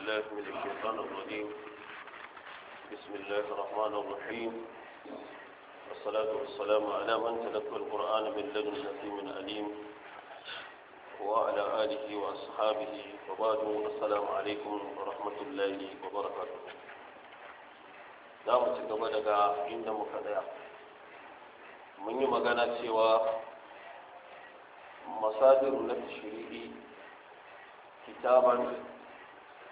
بالله من الشيطان الرجيم بسم الله الرحمن الرحيم والصلاة والسلام على من تلقى القرآن من لدن حكيم أليم وعلى آله وأصحابه وبعد السلام عليكم ورحمة الله وبركاته دامت قبلك عند مكدع من يوم كانت سوى مصادر التشريعي كتابا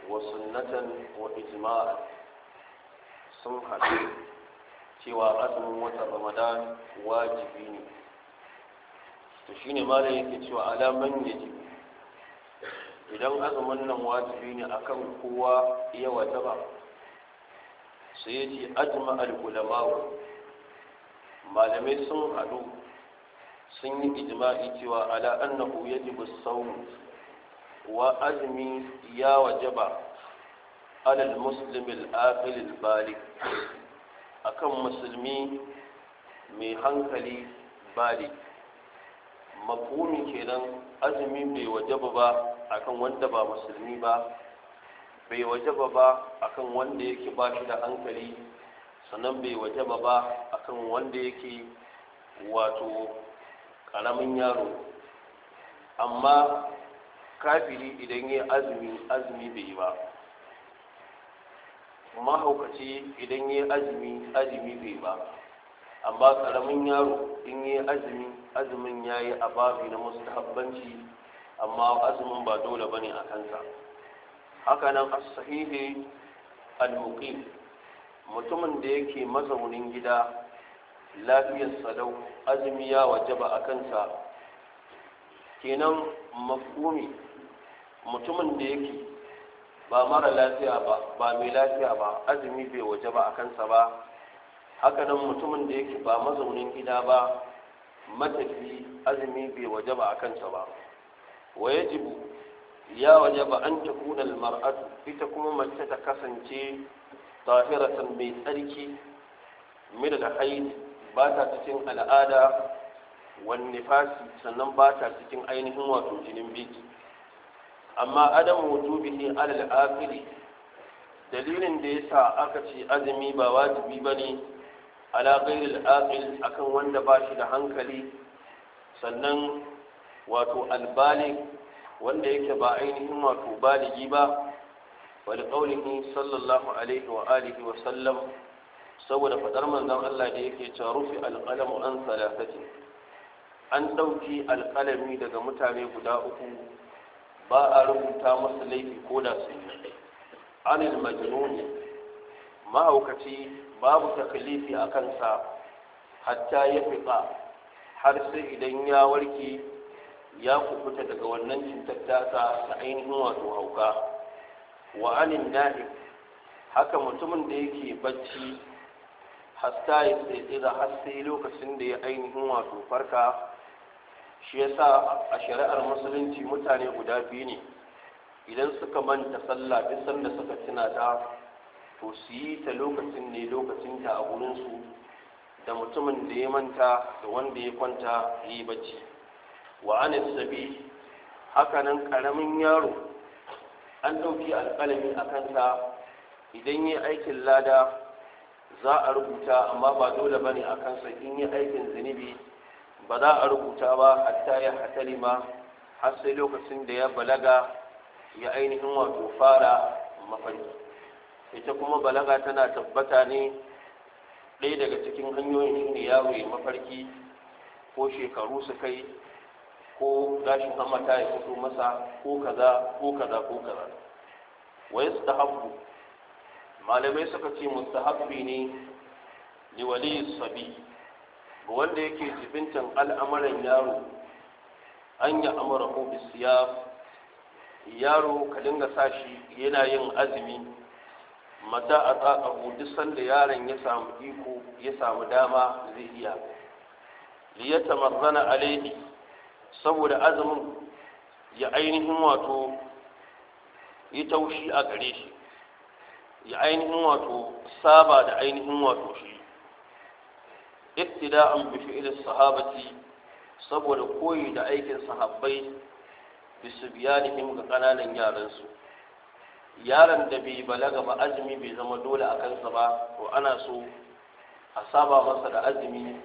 وسنة وإجماعا sun haɗu cewa azumin watan ramadan wajibi ne to shine malam yake cewa alaman yaji idan azumin nan wajibi ne akan kowa ya wajaba sai ya ce ajma al-ulama'u malamai sun haɗu sun yi ijma'i cewa ala annahu yajibu as-sawm wa azumi ya wajaba alal muslimin aqilil balik akan musulmi mai hankali balik mafhumin kenan azumi bai wajaba ba akan wanda ba musulmi ba bai wajaba ba akan wanda yake ba shi da hankali sannan bai wajaba ba akan wanda yake wato karamin yaro amma kafiri idan ya azumi azumi bai yi ba mahaukaci idan ya azumi azumi bai ba amma karamin yaro in ya azumi azumin ya yi a babi na mustahabbanci amma azumin ba dole ba ne a kansa Haka nan, asahihi al-muqim mutumin da yake mazaunin gida lafiyar sadau azumi ya wajaba a kansa kenan mafhumi mutumin da yake ba mara lafiya ba ba mai lafiya ba azumi bai waje ba a kansa ba hakanan mutumin da yake ba mazaunin gida ba matafi azumi bai waje ba a kansa ba wa yajibu ya waje ba an ta kuna mar'atu ita kuma mace ta kasance tafiratan mai tsarki min da haid ba ta cikin al'ada wani nifasi sannan ba ta cikin ainihin wato jinin biki amma adam wujubihi alal afili dalilin da yasa aka ce azumi ba wajibi bane ala ghairil aqil akan wanda ba shi da hankali sannan wato albali wanda yake ba ainihin wato baligi ba wal qawlihi sallallahu alaihi wa alihi wa sallam saboda fadar manzon Allah da yake cewa rufi alqalamu an salatati an dauki alqalami daga mutane guda uku ba a rubuta masa laifi ko da su yi anil majnuni mahaukaci babu takalifi a kansa hatta ya fiƙa har sai idan ya warke ya kubuta daga wannan cutar tasa ta ainihin wato hauka wa anin na'ib haka mutumin da yake bacci hasta ya tsaye da har sai lokacin da ya ainihin wato farka shi yasa a shari'ar musulunci mutane guda biyu ne idan suka manta sallah duk sanda suka tuna ta to su yi ta lokacin ne lokacin ta a gurinsu da mutumin da ya manta da wanda ya kwanta ya yi bacci wa anis sabi nan karamin yaro an ɗauki alƙalami a kanta idan yi aikin lada za a rubuta amma ba dole bane a kansa in yi aikin zunubi ba za a rubuta ba hatta ya ma har sai lokacin da ya balaga ya ainihin wato fara mafarki ita kuma balaga tana tabbata ne ɗaya daga cikin hanyoyin shi ne yaro ya mafarki ko shekaru su kai ko gashin hamata ya fito masa ko kaza ko kaza ko kaza wa yastahabbu malamai suka ce mustahabbi ne liwali sabi wanda yake jibintan al'amuran yaro an yi amara ofis ya yaro ka dinga sashi yana yin azumi mata a tsaka duk sanda yaron ya samu iko ya samu dama zai iya liyata marzana alaihi saboda azumin ya ainihin wato yi taushi a gare shi ya ainihin wato saba da ainihin wato shi ittida'an bi fi'il sahabati saboda koyi da aikin sahabbai bi subyanihim ga kananan yaran su yaron da bai balaga ba azumi bai zama dole a kansa ba ko ana so a saba masa da azumi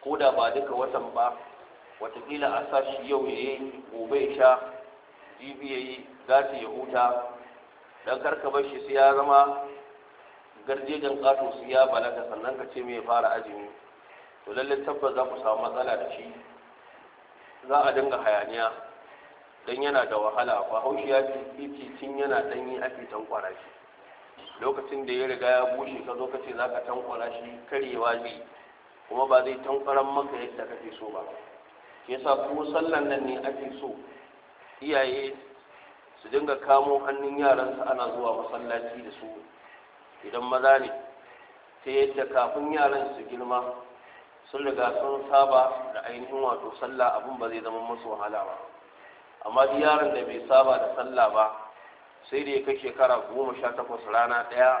ko da ba duka watan ba watakila a sa yau ya gobe sha jibi ya yi gati ya huta dan karka bar shi sai ya zama garjejen kato su ya balaga sannan ka ce mai fara azumi to lalle tabbas za ku samu matsala da shi za a dinga hayaniya don yana da wahala ba haushi ya fi tun yana ɗanyi ake tankwara shi lokacin da ya riga ya bushe ka zo ka ce za ka tankwara shi karyewa zai kuma ba zai tankwaran maka yadda kake so ba shi yasa ku sallan nan ne ake so iyaye su dinga kamo hannun yaransa ana zuwa masallaci da su idan maza ne ta yadda kafin yaran su girma sun riga sun saba da ainihin wato sallah abun ba zai zama masu wahala ba amma yaron da bai saba da sallah ba sai da ya kai shekara goma sha takwas rana ɗaya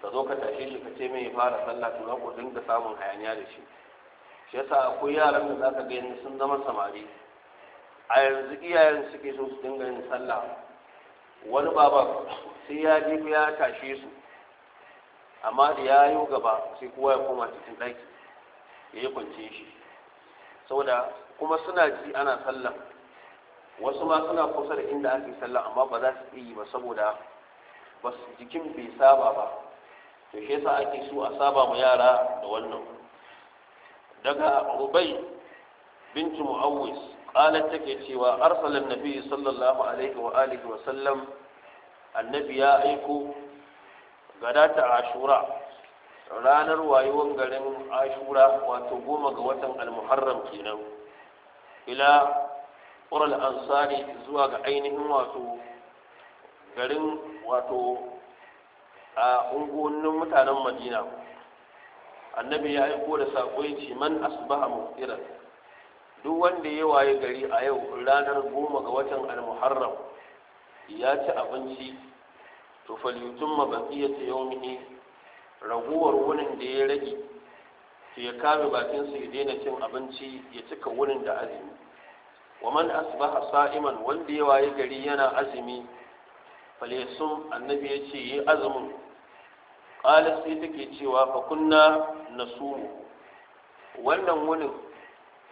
ka zo ka tashe shi ka ce mai fara sallah to za ku dinga samun hayaniya da shi shi yasa akwai yaran da zaka ga yanzu sun zama samari a yanzu iyayen suke so su dinga yin sallah wani baba sai ya je ya tashe su amma da ya yi gaba sai kowa ya koma cikin ɗaki ya yi kwance shi saboda kuma suna ji ana sallah wasu ma suna kusa da inda ake sallah amma ba za su yi ba saboda ba jikin bai saba ba to shi yasa ake so a saba mu yara da wannan daga rubai bintu mu'awwis qalat take cewa arsala annabi sallallahu alaihi wa alihi wa sallam annabi ya aiko gada ta ashura ranar wayewar garin ashura wato goma ga watan Al-Muharram kenan ila ƙural ansari zuwa ga ainihin wato garin wato a unguwannin mutanen madina annabi ya aiko da saƙo ce man asbaha muqiran duk wanda ya waye gari a yau ranar goma ga watan Al-Muharram ya ci abinci to falyutumma baqiyatu yawmihi raguwar wunin da ya rage su ya kame bakin su ya daina cin abinci ya cika wurin da azumi wa man asbaha sa'iman wanda ya gari yana azumi falesun annabi ya ce yi azumin qala sai take cewa fa kunna nasumu wannan wurin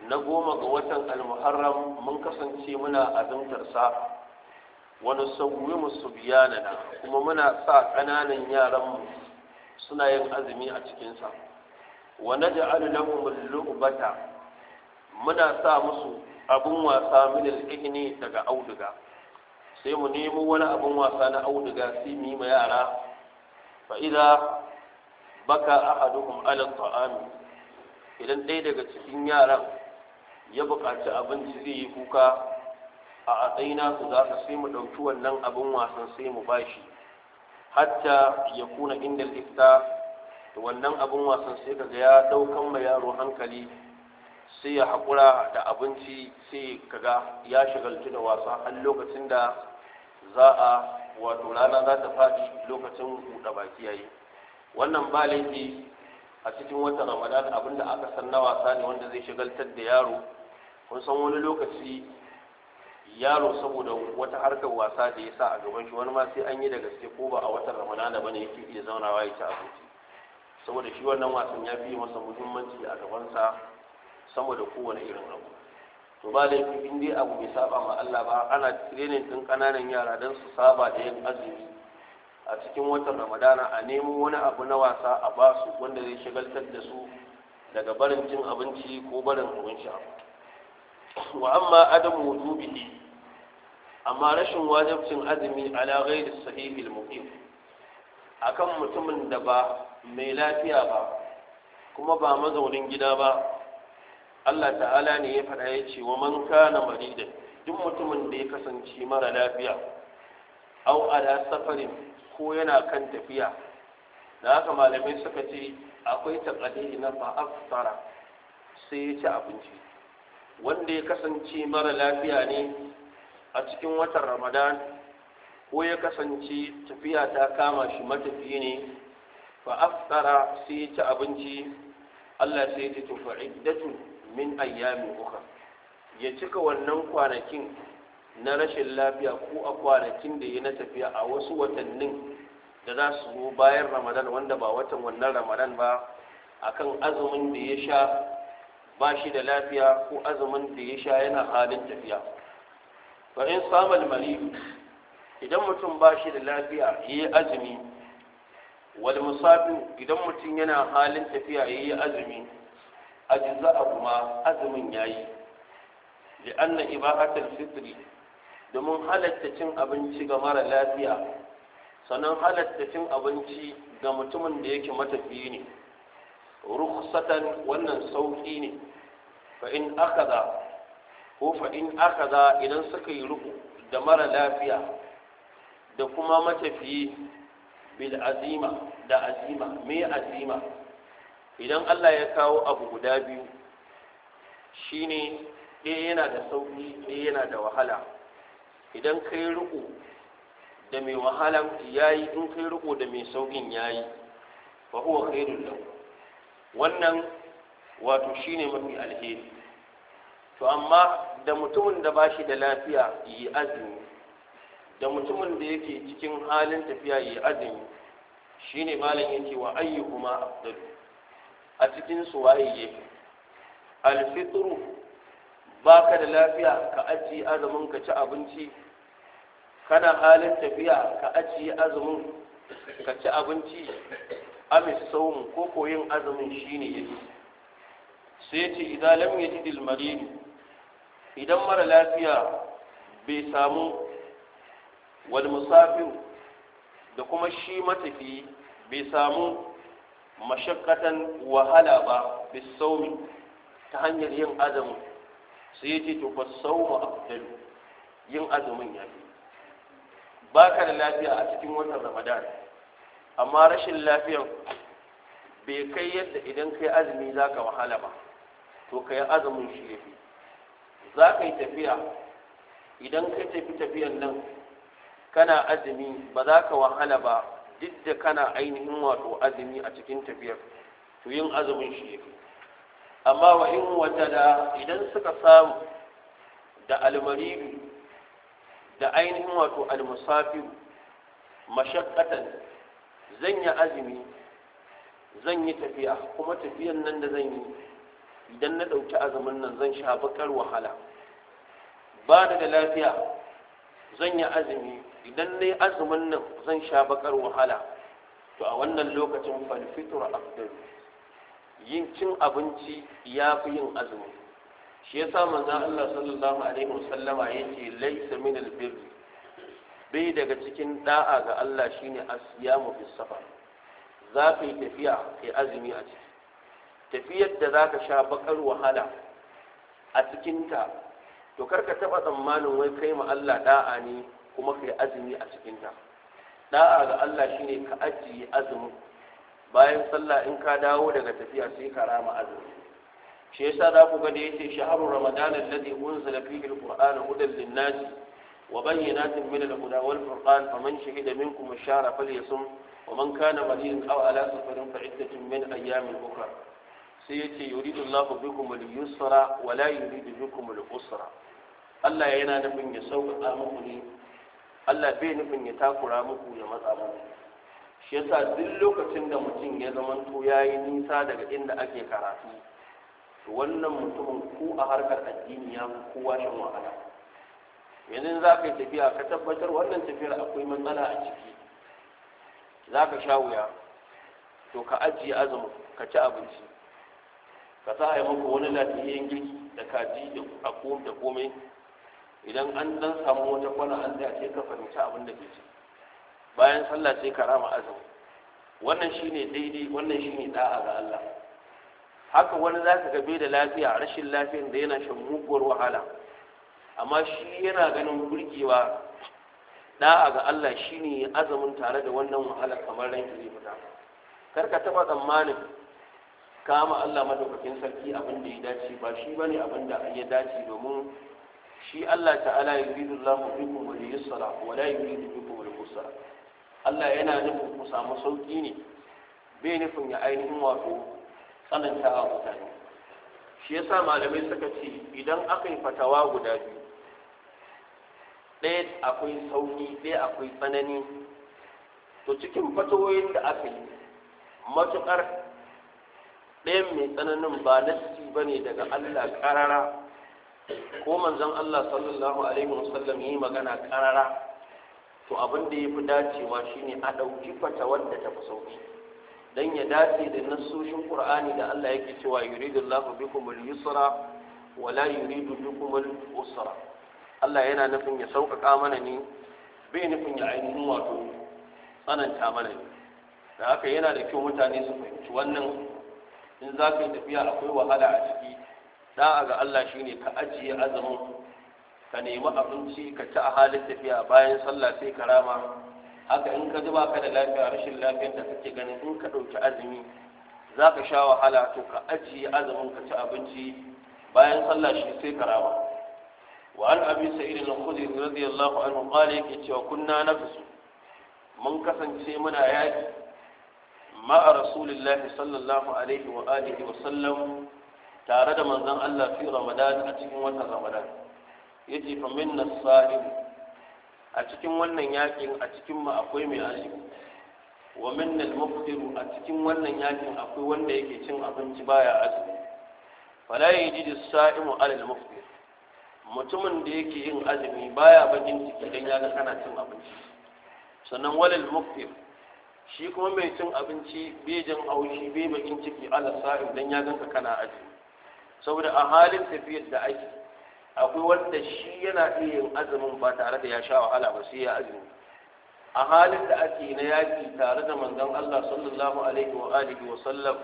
na goma ga watan almuharram mun kasance muna abin sa wani sauwi musu biyanana kuma muna sa ƙananan yaran mu suna yin azumi a cikinsa wa naj'alu lahum al-lu'bata muna sa musu abun wasa min al-ihni daga auduga sai mu nemo wani abun wasa na auduga sai mu yi ma yara fa idza baka ahaduhum ala taam idan ɗaya daga cikin yaran ya buƙaci abinci zai yi kuka a atsaina su za su sai mu ɗauki wannan abin wasan sai mu bashi hatta ya kuna inda ifta da wannan abin wasan sai kaga ya daukan mai yaro hankali sai ya haƙura da abinci sai kaga ya shigalci da wasa har lokacin da za a wato rana za ta faɗi lokacin buɗe baki yayi wannan ba laifi a cikin watan ramadan abinda aka san na wasa ne wanda zai shigaltar da yaro kun san wani lokaci yaro saboda wata harkar wasa da ya sa a gaban shi wani ma sai an yi da gaske ko ba a watan ramadana ba ne yake iya zaunawa ya ci abinci saboda shi wannan wasan ya fi masa muhimmanci a gabansa sama da kowane irin abu to ba laifi in dai abu bai saba ma Allah ba ana training din kananan yara dan su saba da yin azumi a cikin watan ramadana a nemo wani abu na wasa a ba su wanda zai shagaltar da su daga barin cin abinci ko barin abin sha wa amma adam wudubihi amma rashin wajibcin azumi ala ghairi sahihil muqim akan mutumin da ba mai lafiya ba kuma ba mazaunin gida ba Allah ta'ala ne ya faɗa ya ce wa man kana marida duk mutumin da ya kasance mara lafiya au ala safarin ko yana kan tafiya da haka malamai suka ce akwai taƙadiri na fa'aftara sai ya ci abinci wanda ya kasance mara lafiya ne a cikin watan ramadan ko ya kasance tafiya ta kama shi matafiya ne fa aftara sai ya ci abinci Allah sai ya tafi to min ayyami ukhra ya cika wannan kwanakin na rashin lafiya ko a kwanakin da ya na tafiya a wasu watannin da za su zo bayan ramadan wanda ba watan wannan ramadan ba akan azumin da ya sha ba shi da lafiya ko azumin da ya sha yana halin tafiya fa in idan mutum ba shi da lafiya ya yi azumi wani musafir idan mutum yana halin tafiya ya yi azumi ajin za a kuma azumin ya yi li'anna ibahatul fitri domin halatta cin abinci ga mara lafiya sannan halatta cin abinci ga mutumin da yake matafiyi ne rukhsatan wannan sauƙi ne fa in akaza ko fa in akaza idan suka yi ruku da mara lafiya da kuma matafiyi bil azima da azima me azima idan Allah ya kawo abu guda biyu shine ɗaya yana da sauƙi ɗaya yana da wahala idan kai ruku da mai ya yayi in kai ruku da mai sauƙin yayi fa huwa khairul lahu wannan wato shine mafi alheri to amma da mutumin da ba shi da lafiya yi azumi da mutumin da yake cikin halin tafiya yi azumi shi ne malam yake wa ayyukuma afdalu a cikin su waye yake alfitru ka da lafiya ka ajiye azumin ka ci abinci kana halin tafiya ka ajiye azumin ka ci abinci amis saum ko koyin azumin ne yake sai ce idalam ya ji marid idan mara lafiya bai samu wal musafir da kuma shi matafi bai samu mashakkatan wahala ba saumi ta hanyar yin azumi sai ce to fa a afdal yin azumin ba baka da lafiya a cikin watan Ramadan amma rashin lafiyan bai kai yadda idan kai azumi zaka wahala ba to ka yi azumin shi ya fi za ka yi tafiya idan ka tafi tafiyan nan kana azumi ba za ka wahala ba duk da kana ainihin wato azumi a cikin tafiyar to yin azumin shi ya fi amma wa in wata da idan suka samu da almaribi da ainihin wato almusafiru mashakkatan zan yi azumi zan yi tafiya kuma tafiyan nan da zan yi idan na ɗauki azumin nan zan sha bakar wahala ba da lafiya zan yi azumi idan na yi azumin nan zan sha bakar wahala to a wannan lokacin falfitur afdal yin cin abinci ya fi yin azumi shi ya sa manzan Allah sallallahu alaihi wasallama ya ce laisa min albir bai daga cikin da'a ga Allah shine asiyamu bis safar za ka yi tafiya kai azumi a ciki tafiyar da za ka sha bakar wahala a cikinta to karka taɓa tsammanin wai kai ma Allah da'a ne kuma yi azumi a cikinta da'a ga Allah shine ka ajiye azumi bayan sallah in ka dawo daga tafiya sai ka rama azumi shi yasa za ku ga da yace shaharu ramadan alladhi unzila fihi alquran hudan linnas wa bayyinatin min alhuda wal furqan faman shahida minkum ash-shahra falyasum ومن كان مريضا أو على سفر فعدة من أيام أخرى sai ya ce yuridu Allahu bikum al-yusra wa la yuridu bikum al-usra Allah yana nufin ya sauƙaƙa muku ne Allah bai nufin ya takura muku ya matsa muku shi yasa duk lokacin da mutum ya zamanto ya yi nisa daga inda ake karatu to wannan mutumin ko a harkar addini ya fi kowa shan wahala yanzu za ka yi tafiya ka tabbatar wannan tafiyar akwai matsala a ciki za ka sha wuya to ka ajiye azumi ka ci abinci ka sa a yi muku wani lafiyayyen girki da kaji da da komai idan an dan samu wata kwana an tsaya sai ka fahimci abin da ke ci bayan sallah sai ka rama azumi wannan shine daidai wannan shine da'a ga Allah haka wani za ka gabe da lafiya rashin lafiyar da yana shan muguwar wahala amma shi yana ganin burgewa da'a ga Allah shine azumin tare da wannan wahala kamar ranki zai kar ka taba tsammanin kama Allah madaukakin sarki abin da ya dace ba shi bane abin da ya dace domin shi Allah ta'ala Ya yuridu Allahu bikum wal yusra wa la yuridu bikum wal Allah yana nufin ku samu sauki ne bai nufin ya ainihin wato tsananta a mutane shi yasa malamai suka ce idan aka yi fatawa guda biyu ɗaya akwai sauki ɗaya akwai tsanani to cikin fatawoyin da aka yi matuƙar ɗayan mai tsananin ba nasi ba ne daga Allah ƙarara ko manzon Allah sallallahu alaihi wasallam yi magana ƙarara to abin da ya fi dacewa shine a ɗauki fata wadda ta fi sauƙi dan ya dace da nassoshin Qur'ani da Allah yake cewa yuridullahu bikumul yusra wala yuridu bikumul usra Allah yana nufin ya sauƙaƙa mana ne bai nufin ya ainihin wato tsananta mana ne da haka yana da kyau mutane su fahimci wannan in za ka yi tafiya akwai wahala a ciki da'a ga Allah ne ka ajiye azumin ka nemi abinci ka ci a halin tafiya bayan sallah sai ka rama haka in ka ji baka da lafiya rashin lafiyar da kake ganin in ka ɗauki azumi za ka sha wahala to ka ajiye azumin ka ci abinci bayan sallah shi sai ka rama وعن said سعيد الخدري رضي الله عنه cewa يكي كنا نفسه mun kasance muna yaƙi مع رسول sallallahu alaihi الله عليه wa وسلم tare da manzon Allah fi ramadan a cikin رمضان ramadan فمن الصائم minna وانا a cikin wannan yakin a cikin akwai mai azumi wa minna al a cikin wannan yakin akwai wanda yake cin abinci mutumin da yake yin azumi baya bakin ciki dan ya ga kana cin abinci sannan walil muftir shi kuma mai cin abinci bai jin haushi bai bakin ciki ala sa'i dan ya ganka kana aji saboda a halin tafiyar da ake akwai wanda shi yana iya yin azumin ba tare da ya sha wahala ba sai ya azumi a halin da ake na yaki tare da manzon Allah sallallahu alaihi wa alihi wa sallam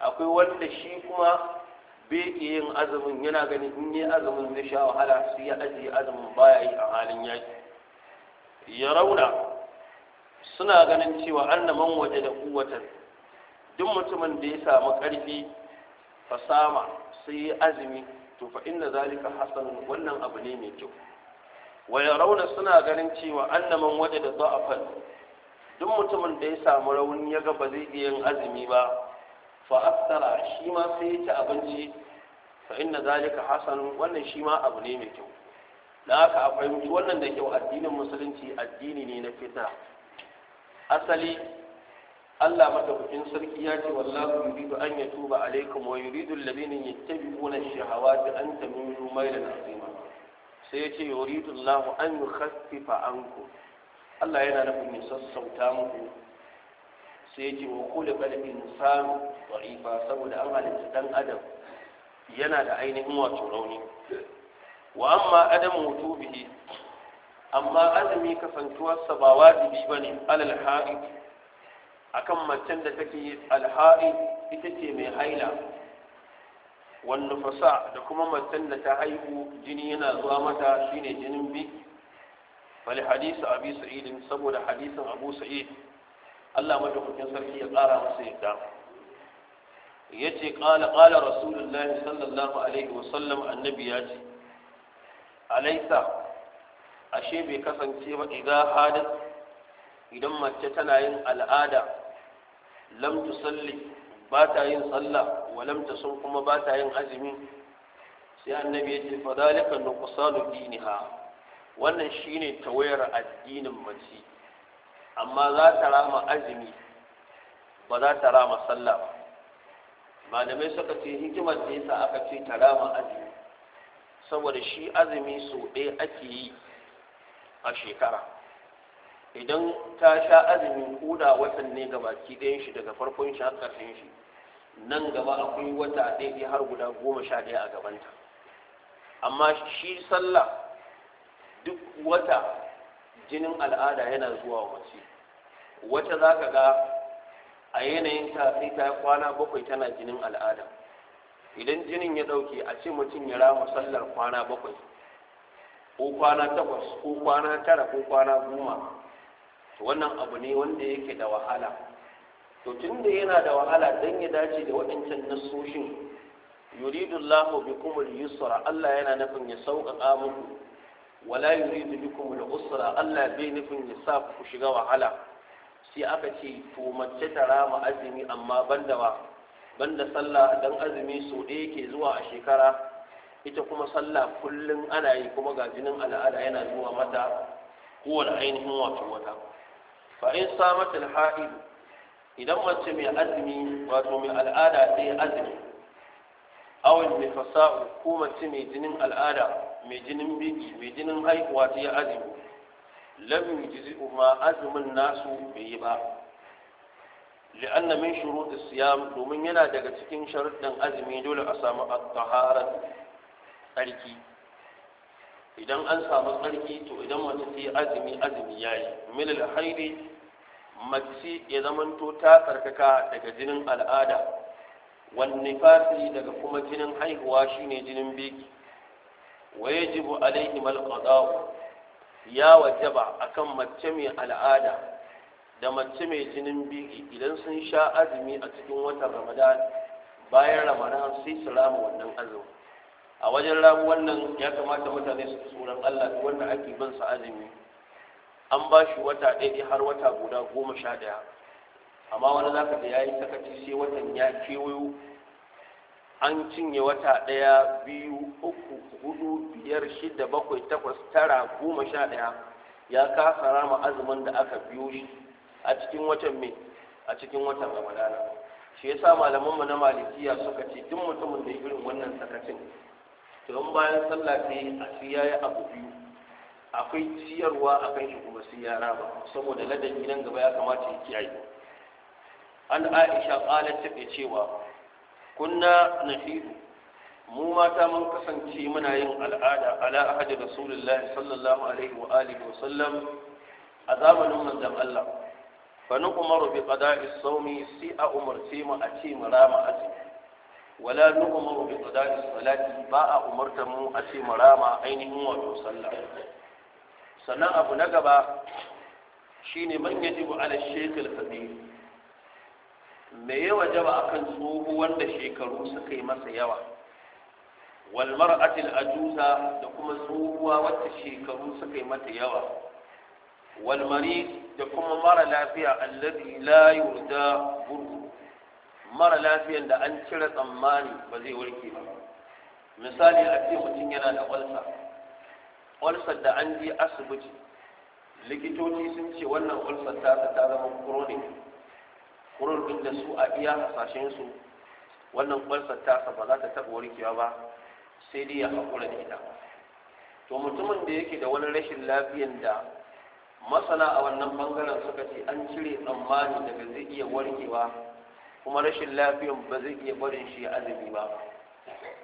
akwai wanda shi kuma bai iya yin azumin yana ganin in yi azumin zai sha wahala sai ya ajiye azumin baya yi a halin yaki ya rauna suna ganin cewa annaman waje da kuwatan duk mutumin da ya samu ƙarfi fasama sai yi azumi to fa inna zalika hasan wannan abu ne mai kyau Wani rauna suna ganin cewa annaman waje da za'afan duk mutumin da ya samu rauni ya ga ba zai iya yin azumi ba fa aftara shi ma sai ya ci abinci fa inna zalika hasan wannan shi ma abu ne mai kyau da haka a fahimci wannan da kyau addinin musulunci addini ne na fitna asali Allah madaukakin sarki ya ce wallahu yuridu an yatuba alaikum wa yuridu alladhina yattabi'una ash-shahawati an tamilu maylan azima sai yace yuridu Allah an yukhaffifa ankum Allah yana nufin ya sassauta muku sai yace wa khuliqa al-insanu da'ifa saboda an halitta dan adam yana da ainihin wato rauni wa amma adamu tubihi amma azumi kasantuwarsa ba wajibi ba ne alal ha'i akan macen da take alha'i ita ce mai haila wannan fasa da kuma macen da ta haihu jini yana zuwa mata shine jinin bi fali hadisi abi sa'idin saboda hadisin abu sa'id Allah madaukakin sarki ya ƙara masa yadda Ya ce qala qala rasulullahi sallallahu alaihi wasallam annabi ya ce alaisa ashe bai kasance ba idan idan mace tana yin al'ada lam salli ba ta yin sallah wa lamta sun kuma ba ta yin azumi sai annabi ya ce fa zalika nuqsanu diniha wannan shine tawayar addinin mace amma za ta rama azumi ba za ta rama sallah ba malamai suka ce hikimar da yasa aka ce ta rama azumi saboda shi azumi sau ɗaya ake yi a shekara idan ta sha azumin koda watan ne ga baki ɗayan shi daga farkon shi har ƙarshen shi nan gaba akwai wata ɗaiɗai har guda goma sha ɗaya a gabanta amma shi sallah duk wata jinin al'ada yana zuwa wa mace wata za ka ga a yanayin ta sai ta kwana bakwai tana jinin al'ada idan jinin ya ɗauke a ce mutum ya rama sallar kwana bakwai ko kwana takwas ko kwana tara ko kwana goma to wannan abu ne wanda yake da wahala to tun da yana da wahala dan ya dace da waɗancan nasoshin yuridu Allahu bikum al-yusra Allah yana nufin ya sauƙaƙa muku wala yuridu bikum al-usra Allah bai nufin ya sa ku shiga wahala sai aka ce to mace ta rama azumi amma banda ba banda sallah dan azumi so ɗaya ke zuwa a shekara ita kuma sallah kullum ana yi kuma ga jinin al'ada yana zuwa mata kowane ainihin wato wata fa in samat al-ha'id idan mace mai azumi wato mai al'ada ta yi azumi awin mai fasa'u ko mace mai jinin al'ada mai jinin biki mai jinin haihuwa ta yi azumi lam yujzi'u ma azumin nasu bai yi ba لأن من شروط الصيام domin yana daga cikin sharuɗin azumi dole a samu at-tahara tsarki idan an samu tsarki to idan mace ta yi azumi azumi ya yi milil haidi mace ya zamanto ta tsarkaka daga jinin al'ada wani fasi daga kuma jinin haihuwa shine jinin biki wa yajibu alaihim alqada'u ya wajaba akan mace mai al'ada da mace mai jinin biki idan sun sha azumi a cikin watan ramadan bayan ramadan sai su rama wannan azumi a wajen ramu wannan ya kamata mutane su tsoron Allah da wanda ake bin sa azumi an ba shi wata ɗaya har wata guda goma sha ɗaya amma wani zaka da yayi sakaci sai watan ya kewayo an cinye wata ɗaya biyu uku hudu biyar shida bakwai takwas tara goma sha ɗaya ya kasa rama azumin da aka biyo shi a cikin watan mai a cikin watan ramadana shi yasa malamanmu na malikiya suka ce duk mutumin da irin wannan sakacin Don bayan sallah ta yi a sai ya abu biyu akwai ciyarwa a kan shi kuma saboda ladan gidan gaba ya kamata ya kiyaye an aisha ta take cewa kunna nahidu mu mata mun kasance muna yin al'ada ala ahadi rasulullahi sallallahu alaihi wa alihi wa sallam a zamanin manzon Allah fa umaru bi qada'i as-sawmi sai a umarce mu a ce mu rama azumi wala nu'maru bi qada'i salati ba a umarta mu a ce marama ainihin wato sallah sannan abu na gaba shine man yajibu ala shaykh al-kabir me ya wajaba akan wanda shekaru suka yi masa yawa wal mar'atil ajuza da kuma tsohuwa wacce shekaru suka yi mata yawa wal da kuma mara lafiya alladhi la yurda burhu mara lafiyan da an cire tsammani ba zai warke ba misali a ce mutum yana da kwalsa. Kwalsa da an je asibiti likitoci sun ce wannan kwalsa ta ta zama chronic kurun da su a iya hasashen su wannan kwalsa ta ba za ta taɓa warkewa ba sai dai ya haƙura da ita to mutumin da yake da wani rashin lafiyan da masana a wannan bangaren suka ce an cire tsammani daga zai iya warkewa kuma rashin lafiyan ba zai iya barin shi azumi ba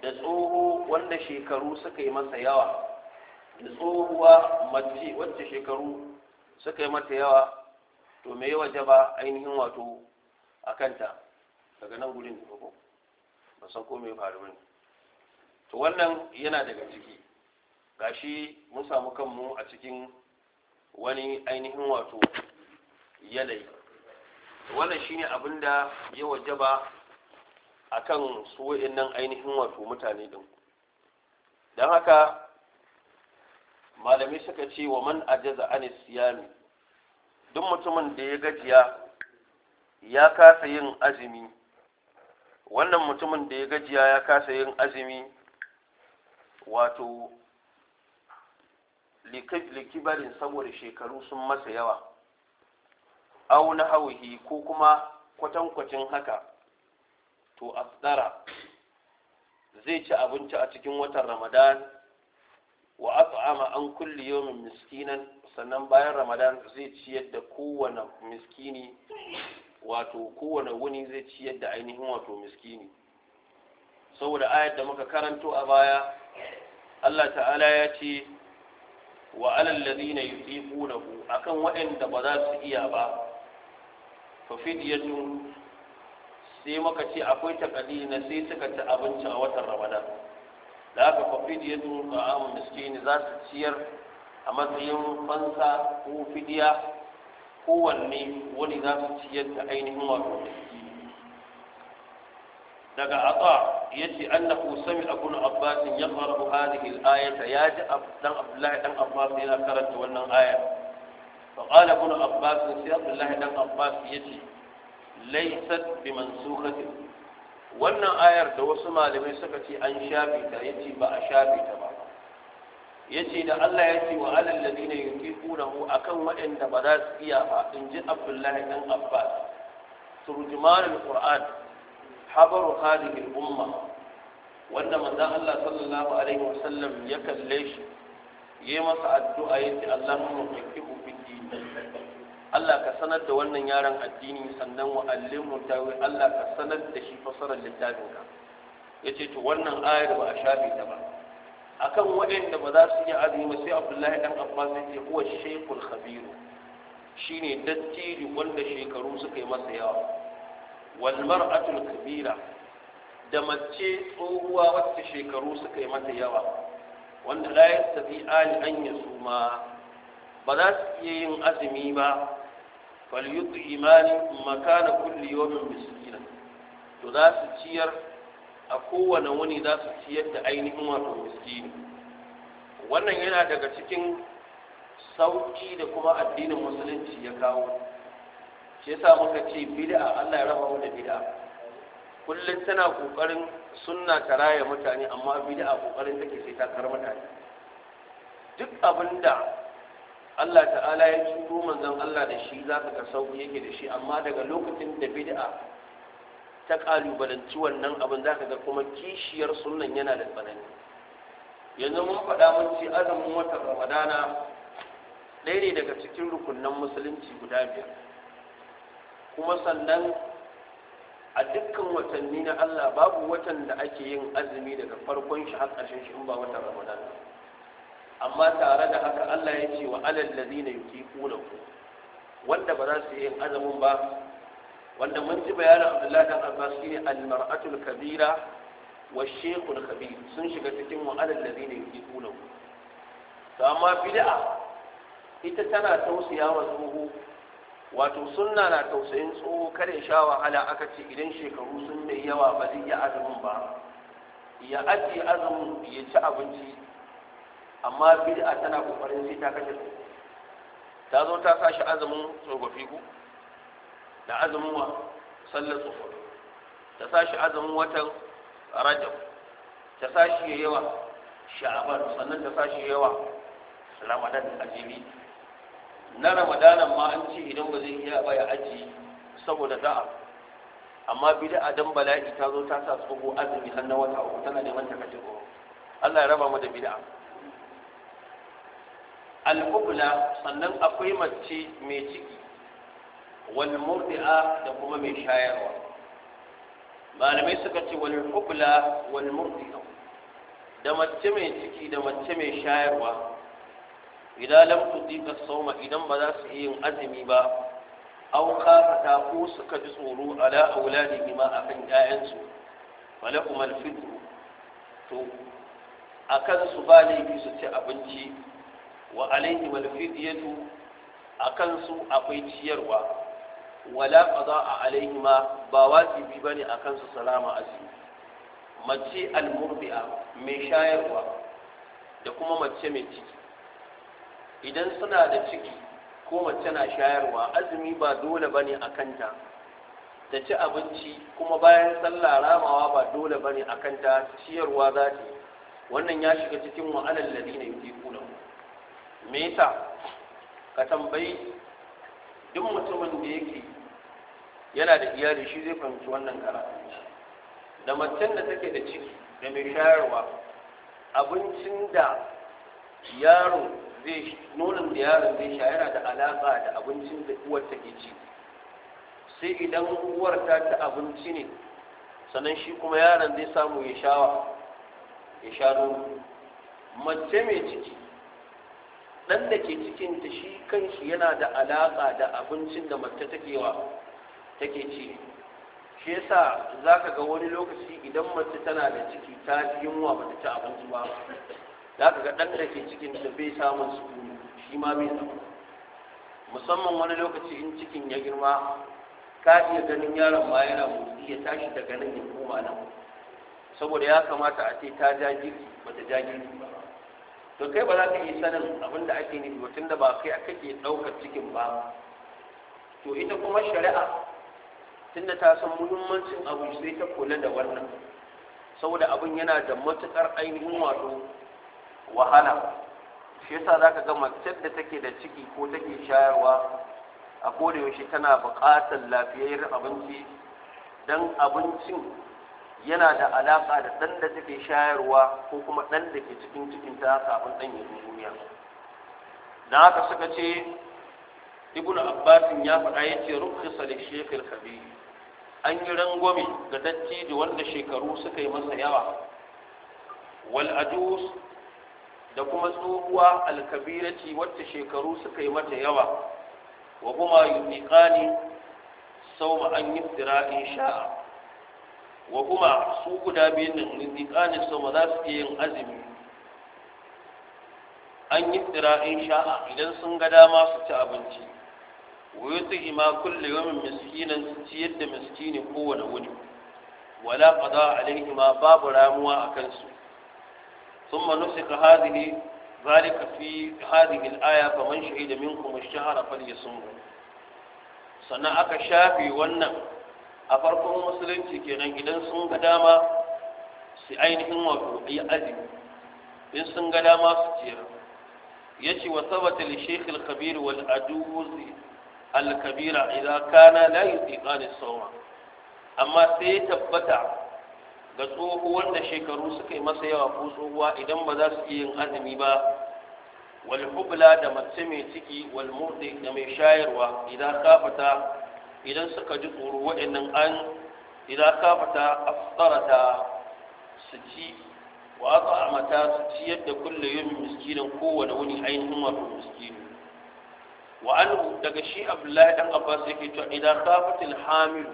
da tsoho wanda shekaru suka yi masa yawa da tsohuwa mace wacce shekaru suka yi mata yawa to me ya waje ba ainihin wato a kanta daga nan gudun da ko ba san kome faru ne, to wannan yana daga ciki gashi mun samu kanmu a cikin wani ainihin wato yanayi wannan shine abin da ya wajaba kan su wa'annan ainihin wato mutane din don haka malamai suka ce wa man ajaza anis yami. duk mutumin da ya gajiya ya kasa yin azumi wannan mutumin da ya gajiya ya kasa yin azumi wato likibarin saboda shekaru sun masa yawa au na hauhi ko kuma kwatankwacin haka to asdara zai ci abinci a cikin watan ramadan wa at'ama an kulli yawmin miskinan sannan bayan ramadan zai ci yadda kowane miskini wato kowane wuni zai ci yadda ainihin wato miskini saboda ayar da muka karanto a baya Allah ta'ala ya ce wa alal ladina yutiqunahu akan waɗanda ba za su iya ba fafidiyatu sai muka ce akwai takalina sai suka ci abinci a watan ramadan da aka fafidiyatu ga amun miskini za su ciyar a matsayin fansa ko fidiya kowanne wani za su ciyar da ainihin wato daga aqa yace annahu sami ibn abbas yaqra'u hadhihi al-ayata yaji dan abdullahi dan abbas yana karanta wannan aya فقال ابن عباس سي عبد الله بن عباس yace laysat bimansukhatin wannan ayar da wasu malamai suka ce an shafe ta ya ce ba a shafe ta ba Ya ce da Allah ya yace wa alal ladina yutiqunahu akan waɗanda ba za su iya ba in ji Abdullahi ɗan Abbas turjuman alquran habaru hadhihi al-umma wanda manzon Allah sallallahu alaihi wasallam ya kalle shi yi masa addu'a ya yace Allahumma faqihu Allah ka sanar da wannan yaron addini sannan wa allimhu tawi Allah ka sanar da shi fasarar littafin ka yace to wannan ayar ba a shafe ta ba akan waɗanda ba za su yi azumi sai Abdullahi dan Abbas yace huwa shaykhul khabir shine dattijo wanda shekaru suka yi masa yawa wal mar'atul kabira da mace tsohuwa wacce shekaru suka yi mata yawa wanda la yastafi an yasuma ba za su iya yin azumi ba falyutu imani makana kulli yawmin miskina to za su ciyar a kowane wuni za su ciyar da ainihin wato miskini wannan yana daga cikin sauki da kuma addinin musulunci ya kawo shi yasa muka ce bid'a Allah ya raba mu da bid'a kullum tana kokarin sunna ta raya mutane amma bid'a kokarin take sai ta kar mutane duk abinda Allah ta'ala ya turo manzon Allah da shi za ka sauki yake da shi amma daga lokacin da bid'a ta kalubalanci wannan abin za ka ga kuma kishiyar sunnan yana da tsanani yanzu mun faɗa mun ci azumin watan ramadana ɗaya ne daga cikin rukunnan musulunci guda biyar kuma sannan a dukkan watanni na Allah babu watan da ake yin azumi daga farkon shi har ƙarshen shi in ba watan ramadana amma tare da haka Allah ya ce wa alal ladina yutiquna wanda ba za su yi azumin ba wanda mun ji bayanin Abdullahi dan Abbas shine al-mar'atul kabira wa shaykhul kabir sun shiga cikin wa alal ladina yutiquna to amma bid'a ita tana tausaya wa tsoho wato sunna na tausayin tsoho kare sha wahala aka ce idan shekaru sun mai yawa ba zai yi azumin ba ya ajiye azumin ya ci abinci amma bid'a tana kokarin sai ta kashe ta zo ta sashi azumin tsofaffi ku da azumin wa sallar tsofaffi ta sashi azumin watan rajab ta sashi yawa sha'aban sannan ta sashi yawa ramadan ajibi na ramadanan ma an ce idan ba zai iya baya aji saboda da'a amma bid'a dan bala'i ta zo ta sa tsoho azumi har na wata uku tana neman ta kashe Allah ya raba mu da bid'a al'ubla sannan akwai mace mai ciki wal murdi'a da kuma mai shayarwa malamai suka ce wal ubla wal murdi'a da mace mai ciki da mace mai shayarwa idan lam tudika sauma idan ba za su yi yin azumi ba aw khafata ko suka ji tsoro ala auladihi ma akan ƴaƴansu falakum al-fitr to akan su ba laifi su ci abinci wa alaihi wal fidyatu akan su akwai ciyarwa wala qada alaihi ma ba wajibi bane akan su salama azumi mace murbi'a mai shayarwa da kuma mace mai ciki idan suna da ciki ko mace na shayarwa azumi ba dole bane akan ta ta ci abinci kuma bayan sallah ramawa ba dole bane akan ta ciyarwa za ta wannan ya shiga cikin wa'alar ladina yuti me ka tambayi duk mutumin da yake yana da iyali shi zai fahimci wannan karatu da macen da take da ciki da mai shayarwa abincin da yaro zai nonon da yaron zai sha yana da alaƙa da abincin da uwar take ci sai idan uwar ta ta abinci ne sannan shi kuma yaron zai samu ya sha ya sha nono mace mai ciki dan da ke cikin ta shi kanshi yana da alaka da abincin da mace take wa take ci shi yasa zaka ga wani lokaci idan mace tana da ciki ta yunwa ba ta ci abinci ba zaka ga dan da ke cikin ta bai samun sukuni shi ma bai samu musamman wani lokaci in cikin ya girma ka iya ganin yaron ma yana motsi ya tashi daga nan ya koma nan saboda ya kamata a ce ta ja ba bata ja girki ba to kai ba za ka iya sanin abin da ake nufi ba tunda ba kai kake ɗaukar cikin ba to ita kuma shari'a tunda ta san muhimmancin abu sai ta kula da wannan saboda abin yana da matuƙar ainihin wato wahala shi yasa za ka ga macen da take da ciki ko take shayarwa a kodayaushe tana buƙatar lafiyayyar abinci don abincin yana da alaƙa da ɗan da take shayarwa ko kuma ɗan da ke cikin cikinta kafin ɗan ya duniya da haka suka ce ibnu abbasin ya faɗa ya ce rukhsa li shaykhil kabir an yi rangwame ga dattijo wanda shekaru suka yi masa yawa wal ajus da kuma tsohuwa alkabirati wacce shekaru suka yi mata yawa wa kuma yuniqani sauma an yi sha'a wa kuma su guda biyun nan rizqani sama za su iya yin azumi an yi tsira in sha'a idan sun ga dama su ci abinci wa kulle kullu yawmin miskinan su ci yadda miskini kowane wuni wala qada ma babu ramuwa a akan su ثم نسخ هذه ذلك في هذه الآية فمن شهد منكم الشهر فليصمه sannan aka shafe wannan a farkon musulunci kenan idan sun ga dama su ainihin wato yi azumi in sun ga dama su ciyar ya wa sabata li sheikh al-kabir wal al-kabira idan kana la yutiqani sawma amma sai ya tabbata ga tsoho wanda shekaru suka yi masa yawa ko tsohuwa idan ba za su iya yin azumi ba wal hubla da mace mai ciki wal murdi da mai shayarwa idan kafata idan suka ji tsoro wa'annan an idan kafata afsarata su ci wa at'amata su ci yadda kulle yawmin miskinin kowane wuni ainihin wato miskini wa anhu daga shi abdullahi dan abbas yake cewa idan kafatil hamil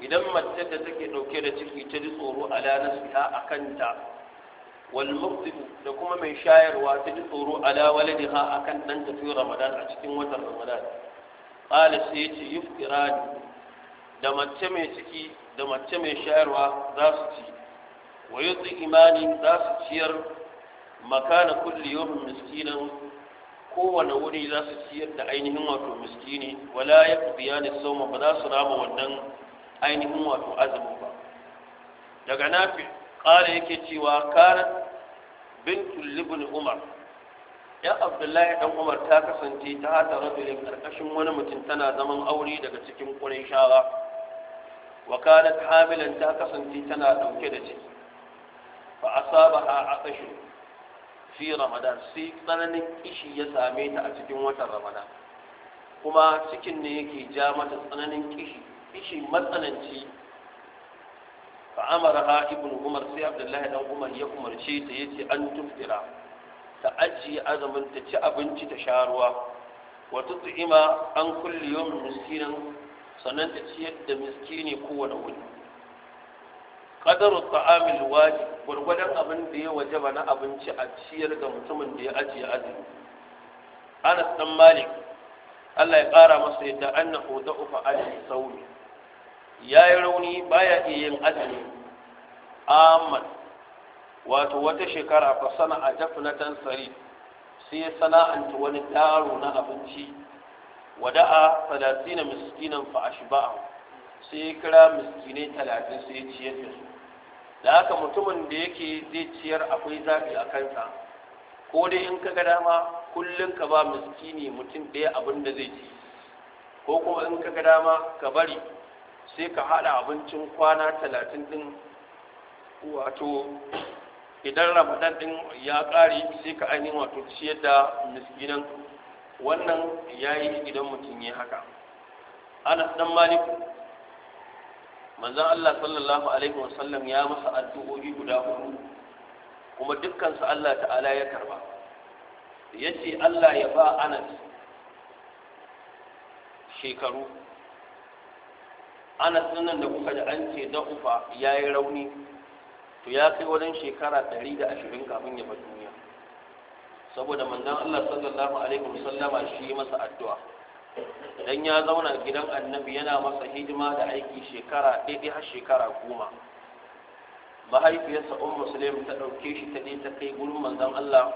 idan mace da take dauke da ciki ta ji tsoro ala nasiha akanta wal mufsid da kuma mai shayarwa ta ji tsoro ala waladiha akan dan tafi ramadan a cikin watan ramadan ƙali sai ya ce yuftirani da mace mai ciki da mace mai shayarwa za su ci wa imani za su ciyar makana kulli yawmin miskinan kowane wuri za su ciyar da ainihin wato miskini wala ya biya ne sauma ba za su rama wannan ainihin wato azumi ba daga nafi ƙara yake cewa karat bintul libin umar ya abdullahi dan umar ta kasance ta hata rajulin karkashin wani mutum tana zaman aure daga cikin qurayshawa wa kanat hamilan ta kasance tana dauke da ciki fa asabaha aqashu fi ramadan sai tsananin kishi ya same ta a cikin watan ramadan kuma cikin ne yake ja mata tsananin kishi kishi matsananci fa amara ibnu umar sai abdullahi dan umar ya umarce ta yace an tufira ta ajiye azumin ta ci abinci ta sha ruwa wa tut'ima an kulli yawm miskinan sannan ta ci da miskini kowane wuni qadaru ta'amil wajib gurgurdan abin da ya wajaba na abinci a ciyar ga mutumin da ya ajiye azumi Anas dan Malik Allah ya kara masa yadda annahu da'ufa alai sauri yayi rauni baya iya yin azumi Ahmad wato wata shekara fa sana'a jafnatan sari sai ya ta wani daro na abinci wada'a talatina miskinan fa ashba'ahu sai ya kira miskinai talatin sai ya ciyar da su da haka mutumin da yake zai ciyar akwai zaɓi a kansa ko dai in ka ga dama kullum ka ba miskini mutum ɗaya abin da zai ci ko kuma in ka ga dama ka bari sai ka haɗa abincin kwana talatin ɗin wato idan ramadan din ya kare sai ka ainihin wato ciyar da miskinan wannan ya yi idan mutum ya haka anas dan maliku manzan Allah sallallahu alaihi wasallam ya masa addu'o'i guda hudu kuma dukkansu Allah ta'ala ya karba ce Allah ya ba Anas shekaru Anas nan da kuka da an ce da ufa yi rauni to ya kai wajen shekara ɗari da ashirin kafin ya bar duniya saboda manzon Allah sallallahu alaihi wasallama shi ya masa addu'a idan ya zauna gidan annabi yana masa hidima da aiki shekara ɗaya har shekara goma mahaifiyarsa um muslim ta ɗauke shi ta je ta kai gurin manzon Allah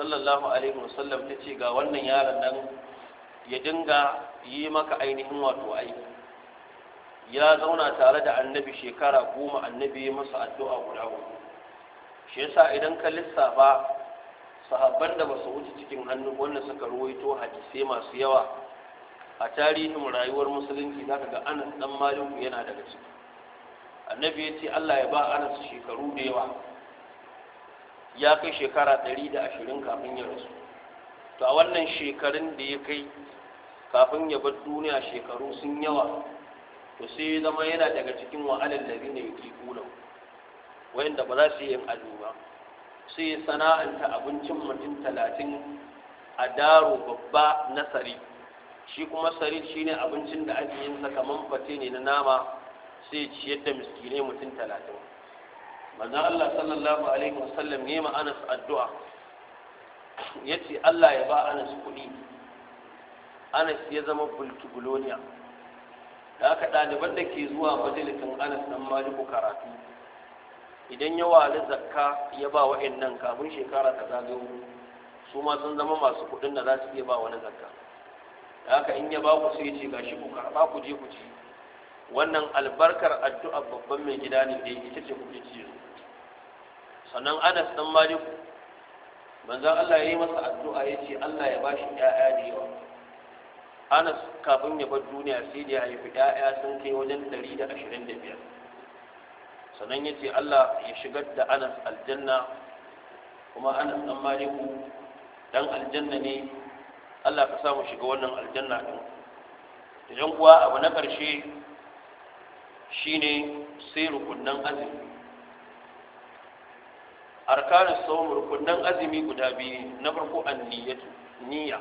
sallallahu alaihi wasallam ta ce ga wannan yaron nan ya dinga yi maka ainihin wato aiki ya zauna tare da annabi shekara goma annabi ya masa addu'a guda hudu shi yasa idan ka lissafa sahabban da ba wuce cikin hannu wanda suka ruwaito hadisai masu yawa a tarihin rayuwar musulunci zaka ga anas dan maliku yana daga ciki annabi ya ce allah ya ba anas shekaru da yawa ya kai shekara ɗari da ashirin kafin ya rasu to a wannan shekarun da ya kai kafin ya bar duniya shekaru sun yawa to sai zama yana daga cikin wa'alar da zina yi wayan wayanda ba za su yi ado ba sai sana'anta abincin mutum talatin a daro babba na sari shi kuma sari ne abincin da ake yin sa kaman fate ne na nama sai ciyar da miskinai mutum talatin manzon Allah sallallahu alaihi wasallam ne ma Anas addu'a Ya ce Allah ya ba Anas kuɗi Anas ya zama bulkibuloniya da aka ɗaliban da ke zuwa majalisin anas ɗan maliku karatu idan ya wali zakka ya ba nan kafin shekara ta zagayo su ma sun zama masu kuɗin da za su iya ba wani zakka da aka in ya ba ku sai ce gashi ku karɓa ku je ku ci wannan albarkar addu'a babban mai gida ne da ita ce kuke ci sannan anas ɗan maliku manzon Allah ya yi masa addu'a ya ce Allah ya ba shi ‘ya'ya da yawa anas kafin ya bar duniya sai da ya haifi ɗaya sun kai wajen ɗari da ashirin da biyar sannan ya ce allah ya shigar da anas aljanna kuma anas ɗan maliku ɗan aljanna ne allah ka samu shiga wannan aljanna ɗin da yan kuwa abu na ƙarshe shine sai rukunnan azumi arkanin sauran rukunnan azumi guda biyu na farko an niyyatu niyya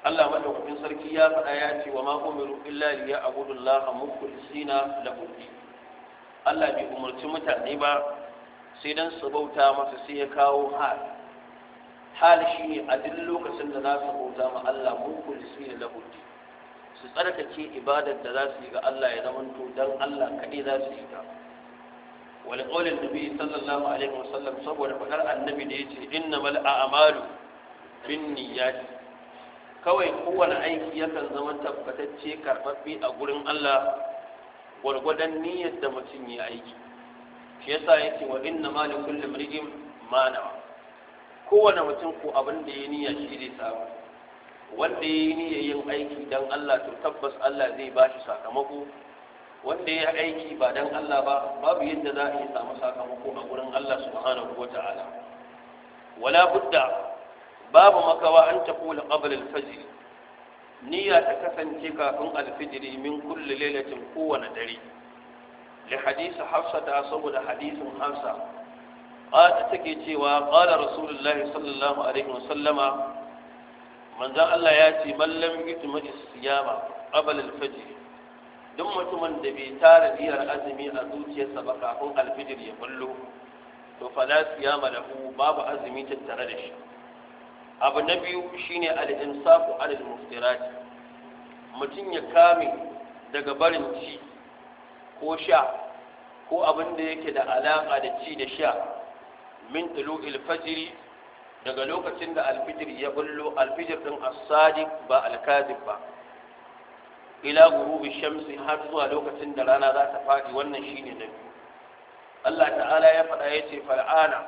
Allah madaukakin sarki ya faɗa ya ce wa ma umiru illa li ya'budu Allah mukhlisina lahu Allah bai umarci mutane ba sai dan su bauta masa sai ya kawo hal hal shine a duk lokacin da za su bauta ma Allah mukhlisina lahu su tsarkake ibadar da za su yi ga Allah ya zamanto dan Allah kaɗai za su yi ta wal qawlin nabi sallallahu alaihi wasallam saboda faɗar annabi da yace innamal a'malu binniyati kawai kowane aiki yakan zama tabbatacce karɓaɓɓe a gurin Allah gwargwadon niyyar da mutum ya aiki shi yasa yake wa inna ma li kulli ma kowane mutum ko abin da ya niyya shi zai samu wanda ya yi niyyar yin aiki don Allah to tabbas Allah zai ba shi sakamako wanda ya aiki ba don Allah ba babu yadda za a yi samu sakamako a gurin Allah subhanahu Ta'ala. wala budda babu makawa an taqula qabla al-fajr niyya ta kasance kafin alfijiri min kulle lailatin kowane dare li hadisi hafsa ta saboda hadisin hafsa qala take cewa qala rasulullahi sallallahu alaihi wasallama manzon Allah ya ce Mallam lam yutma siyama qabla al duk mutumin da bai tara niyyar azumi a zuciyarsa ba kafin alfijir ya ballo? to fala siyama lahu babu azumi tattare da shi abu na biyu shine al-insafu alal muftirat mutum ya kame daga barin ci ko sha ko abin da yake da alaƙa da ci da sha min tulu'il ilfajiri daga lokacin da alfijir ya bullo alfijir din as ba al ba ila gurubi shamsi har zuwa lokacin da rana za ta faɗi wannan shine na biyu Allah ta'ala ya faɗa ya ce fal'ana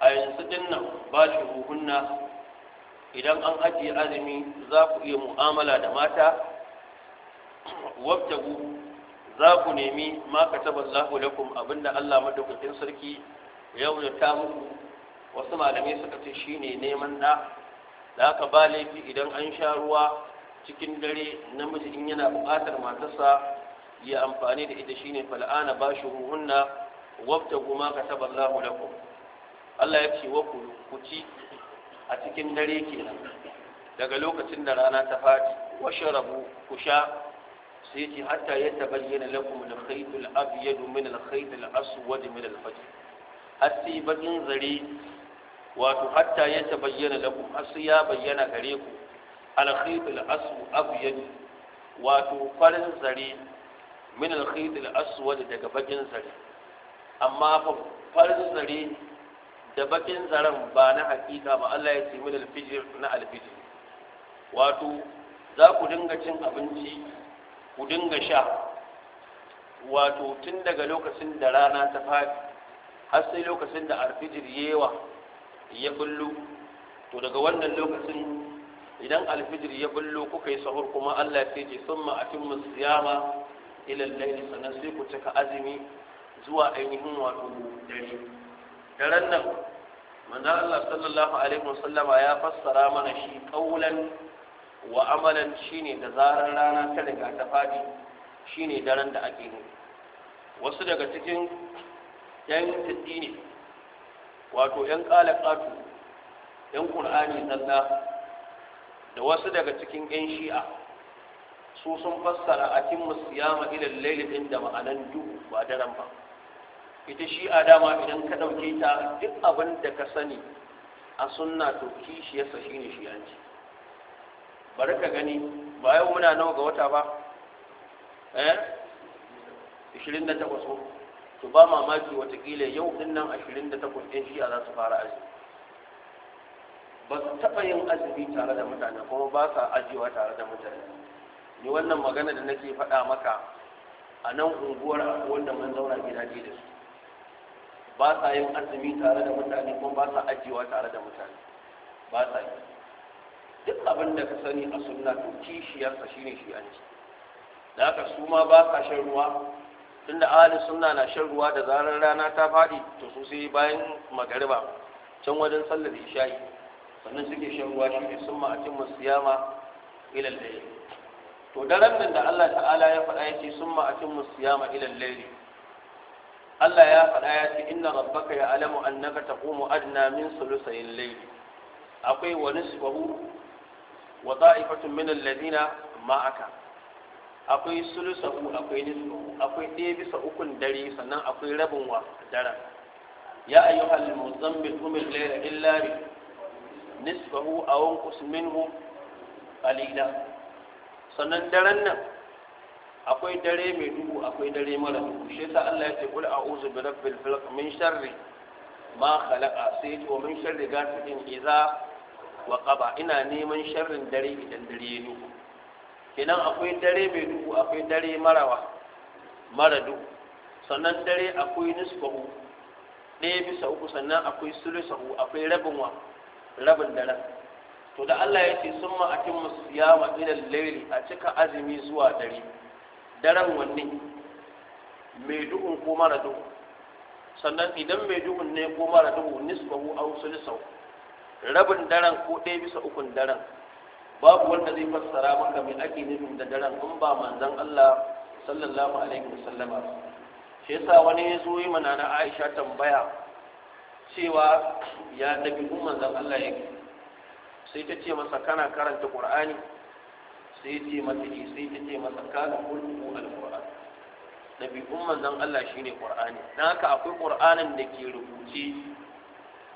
a yanzu dinnan ba shi ruhunna idan an ajiye azumi za ku iya mu'amala da mata wabtagu za ku nemi ma kataballahu lakum abinda Allah madaukakin sarki ya wajata muku wasu malamai suka ce shine neman da da aka ba laifi idan an sha ruwa cikin dare namiji in yana buƙatar matarsa ya amfani da ita shine fal'ana bashuhunna wabtagu ma kataballahu lakum Allah ya ce wa ku ci a cikin dare kenan daga lokacin da rana ta faɗi rabu ku sha sai ce hatta yatabayyana lakum al-khayt al-abyad min al-khayt al-aswad min al-fajr hasi bakin zare wato hatta yatabayyana lakum hasu ya bayyana gare ku al-khayt al-abyad wato farin zare min al aswad daga bakin zare amma farin zare da bakin zaren ba na hakika ba Allah ya ce min alfijir na alfijir wato za ku dinga cin abinci ku dinga sha wato tun daga lokacin da rana ta faɗi har sai lokacin da alfijir yewa ya bullo to daga wannan lokacin idan alfijir ya bullo kuka yi sahur kuma Allah ya ce summa atimmu siyama ila al-layl sanan sai ku cika azumi zuwa ainihin wato dare daren nan manzo Allah sallallahu alaihi wasallama ya fassara mana shi kaulan wa amalan shine da zarar rana ta daga ta fadi shine daren da ake yi, wasu daga cikin yan ne. wato yan kalakatu yan qur'ani sallah da wasu daga cikin yan shi'a su sun fassara a cikin ila al-layl da ma'anan duhu ba daren ba ita shi a dama idan ka ɗauke ta duk abin da ka sani a sunna to kishiyarsa shi ne shi'anci bari ka gani ba yau muna nawa ga wata ba eh 28 to ba mamaki watakila yau din nan 28 ɗin a za su fara aji. ba su taɓa yin azumi tare da mutane kuma ba sa ajiyewa tare da mutane ni wannan magana da nake faɗa maka a nan unguwar wanda mun zauna gidaje da su ba sa yin azumi tare da mutane ko ba sa ajiyewa tare da mutane ba sa yi duk abin da ka sani a sunna to kishiyarsa shine shi an ci da haka su ma ba ka shan ruwa tunda ahli sunna na shan ruwa da zarar rana ta faɗi to su sai bayan magariba can wajen sallar isha'i sannan suke shan ruwa shi ne sun ma'atin musiyama ilal layl to daren nan da Allah ta'ala ya faɗa ya ce sun ma'atin musiyama ilal layl Allah ya faɗa ya ce inna rabbaka ya alamu annaka taqumu adna min sulusayil layl akwai wa nisfahu wa da'ifatun min alladhina ma'aka akwai sulusahu akwai nisfahu akwai ɗaya bisa ukun dare sannan akwai rabin wa daren ya ayyuhal muzammil qumil layla illa bi nisfahu aw anqus minhu qalila sannan daren nan akwai dare mai duhu akwai dare mara duhu shi yasa Allah ya ce kul a'udhu bi rabbil falaq min sharri ma khalaqa sai ya ce wa min sharri ghasiqin idza waqaba ina neman sharrin dare idan dare ya duhu kenan akwai dare mai duhu akwai dare marawa mara duhu sannan dare akwai nisfahu ɗaya bisa uku sannan akwai sulusahu akwai rabin wa rabin daren to da Allah ya ce summa atimmu siyama ila al-layli a cika azumi zuwa dare daren wanne mai duhun ko mara duhu sannan idan mai duhun ne ko mara duhu nisbahu aw sulisau rabin daren ko ɗaya bisa ukun daren babu wanda zai fassara maka mai ake nufin da daren in ba manzon Allah sallallahu alaihi wasallama shi yasa wani ya zo yi mana na Aisha tambaya cewa ya dabi'un manzon Allah yake sai ta ce masa kana karanta Qur'ani sai ce masa eh, sai ta ce masa kana kullu ɗabi'un manzan Allah shine Qur'ani dan haka akwai Qur'anin da ke rubuce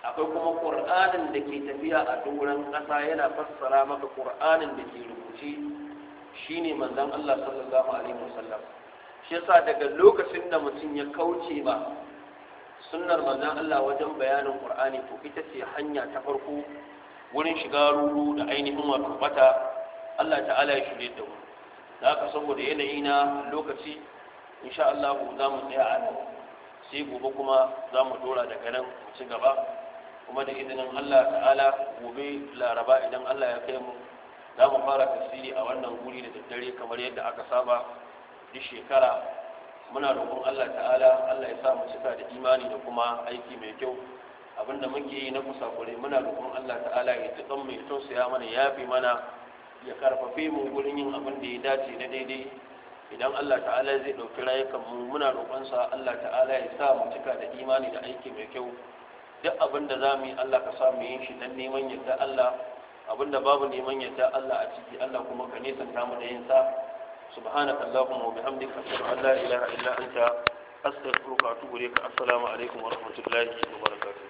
akwai kuma Qur'anin da ke tafiya a doron ƙasa yana fassara maka Qur'anin da ke rubuce shine manzon Allah sallallahu alaihi wasallam shi yasa daga lokacin da mutum ya kauce ba sunnar manzan Allah wajen bayanin ƙur'ani to ita ce hanya ta farko wurin shiga ruru da ainihin wata bata Allah ta'ala ya shirye da mu da haka saboda yanayi na lokaci insha Allah za mu tsaya a nan sai gobe kuma za mu dora daga nan mu ci gaba kuma da izinin Allah ta'ala gobe laraba idan Allah ya kai mu za mu fara tafsiri a wannan guri da daddare kamar yadda aka saba duk shekara muna roƙon Allah ta'ala Allah ya sa mu cika da imani da kuma aiki mai kyau abinda muke yi na kusakure muna roƙon Allah ta'ala ya ji kan mai tausaya mana ya fi mana ya karfafe mu gurin yin abin da ya dace na daidai idan Allah ta'ala zai ɗauki rayukan mu muna roƙonsa Allah ta'ala ya sa mu cika da imani da aiki mai kyau duk abin da za mu yi Allah ka sa mu yin shi dan neman yadda Allah abin da babu neman yadda Allah a ciki Allah kuma ka nisanta mu da yin sa subhanaka allahumma wa bihamdika ashhadu an la ilaha illa anta astaghfiruka wa atubu ilayk assalamu alaikum wa rahmatullahi wa barakatuh